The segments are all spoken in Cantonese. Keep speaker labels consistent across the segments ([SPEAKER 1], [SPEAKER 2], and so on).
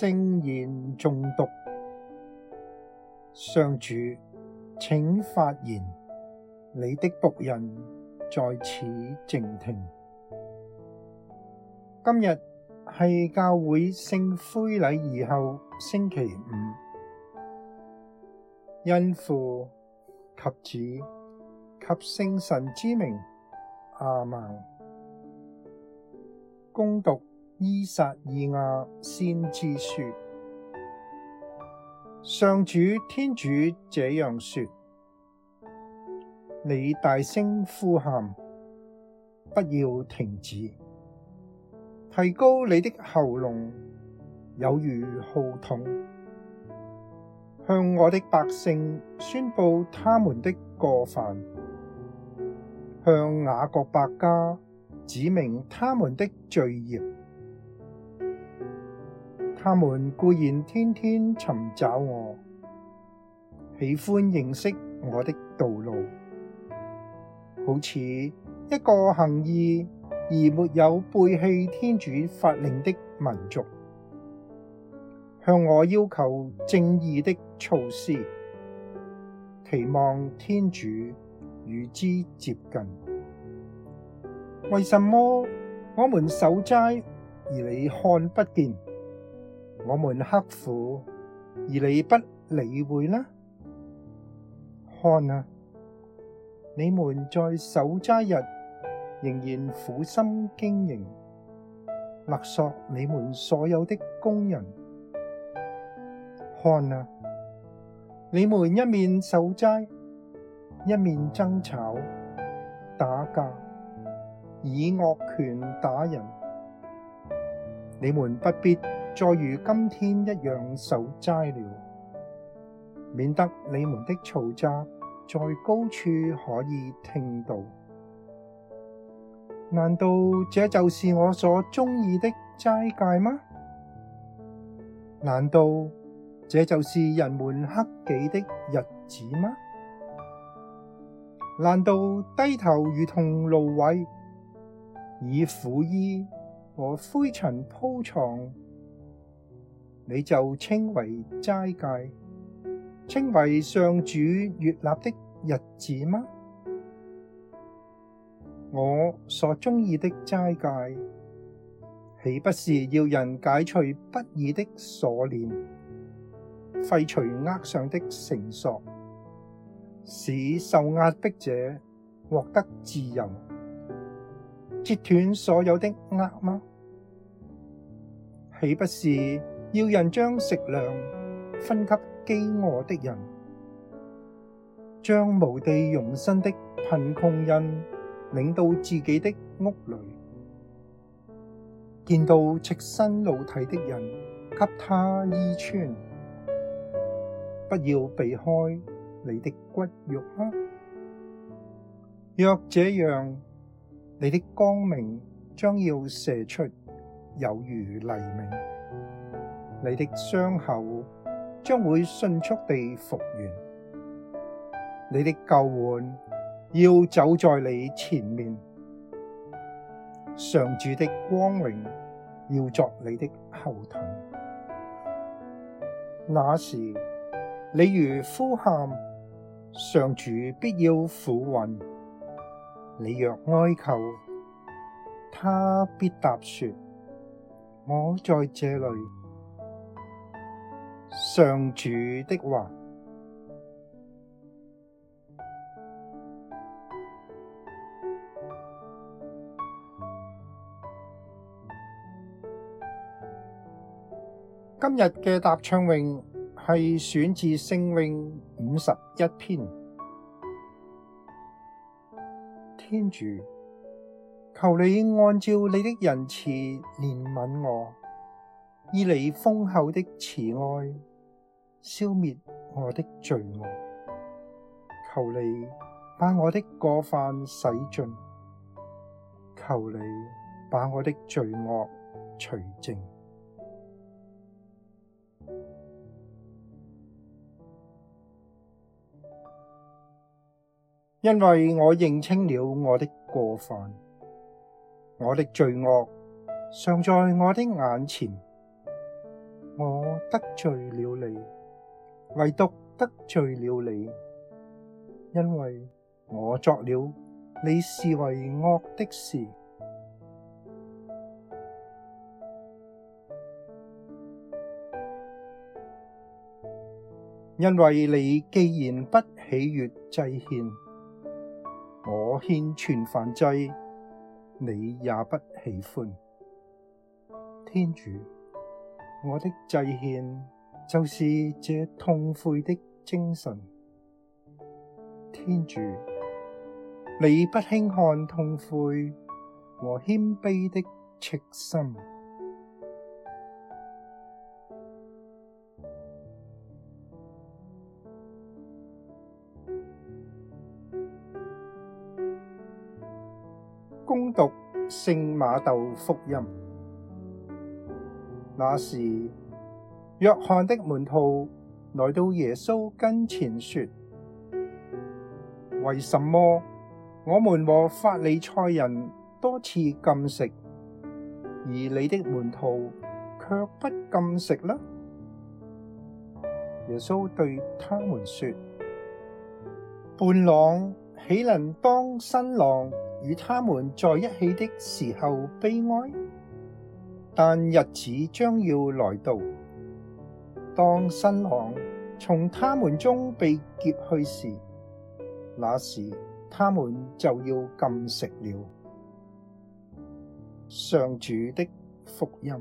[SPEAKER 1] 聖言誦讀，上主，請發言，你的僕人在此靜聽。今日係教會聖灰禮儀後星期五，因父及子及聖神之名阿們。恭讀。依撒意亞先知書》，上主天主這樣說：你大聲呼喊，不要停止，提高你的喉嚨，有如號筒。向我的百姓宣布他們的過犯，向雅各伯家指明他們的罪孽。他們固然天天尋找我，喜歡認識我的道路，好似一個行義而沒有背棄天主法令的民族，向我要求正義的措施，期望天主與之接近。為什麼我們守齋，而你看不見？我們刻苦，而你不理會呢？看哪，你們在守齋日仍然苦心經營，勒索你們所有的工人。看哪，你們一面守齋，一面爭吵、打架，以惡拳打人。你們不必。再如今天一樣守齋了，免得你們的嘈雜在高處可以聽到。難道這就是我所中意的齋戒嗎？難道這就是人們克己的日子嗎？難道低頭如同蘆葦，以苦衣和灰塵鋪床？你就稱為齋戒，稱為上主悅納的日子嗎？我所中意的齋戒，豈不是要人解除不義的鎖鏈，廢除軛上的繩索，使受壓迫者獲得自由，截斷所有的軛嗎？豈不是要人將食糧分給飢餓的人，將無地容身的貧窮人領到自己的屋裏，見到赤身露體的人，給他衣穿。不要避開你的骨肉啊！若這樣，你的光明將要射出，有如黎明。你的傷口將會迅速地復原，你的救援要走在你前面，上主的光榮要作你的後盾。那時你如呼喊，上主必要俯允；你若哀求，他必答說：我在這裏。上主的話。今日嘅答唱詠係選自聖詠五十一篇。天主，求你按照你的仁慈憐憫我，以你豐厚的慈愛，消滅我的罪惡，求你把我的過犯洗盡，求你把我的罪惡除淨，因為我認清了我的過犯，我的罪惡常在我的眼前，我得罪了你。唯獨得罪了你，因為我作了你視為惡的事。因為你既然不喜悅祭獻，我獻全燔祭，你也不喜歡。天主，我的祭獻，就是這痛悔的精神，天主，你不輕看痛悔和謙卑的赤心。恭讀聖瑪竇福音，那時。若翰的門徒來到耶穌跟前說：為什麼我們和法利塞人多次禁食，而你的門徒卻不禁食呢？耶穌對他們說：伴郎豈能當新郎與他們在一起的時候悲哀？但日子將要來到。當新郎從他們中被劫去時，那時他們就要禁食了。上主的福音。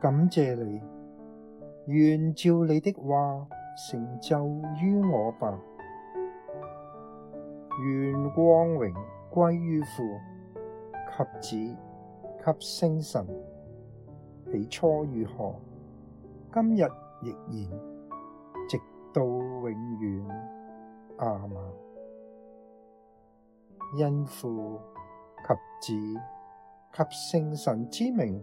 [SPEAKER 1] 感謝你，願照你的話成就於我吧。願光榮歸於父及子及聖神，起初如何，今日亦然，直到永遠。阿們，因父及子及聖神之名。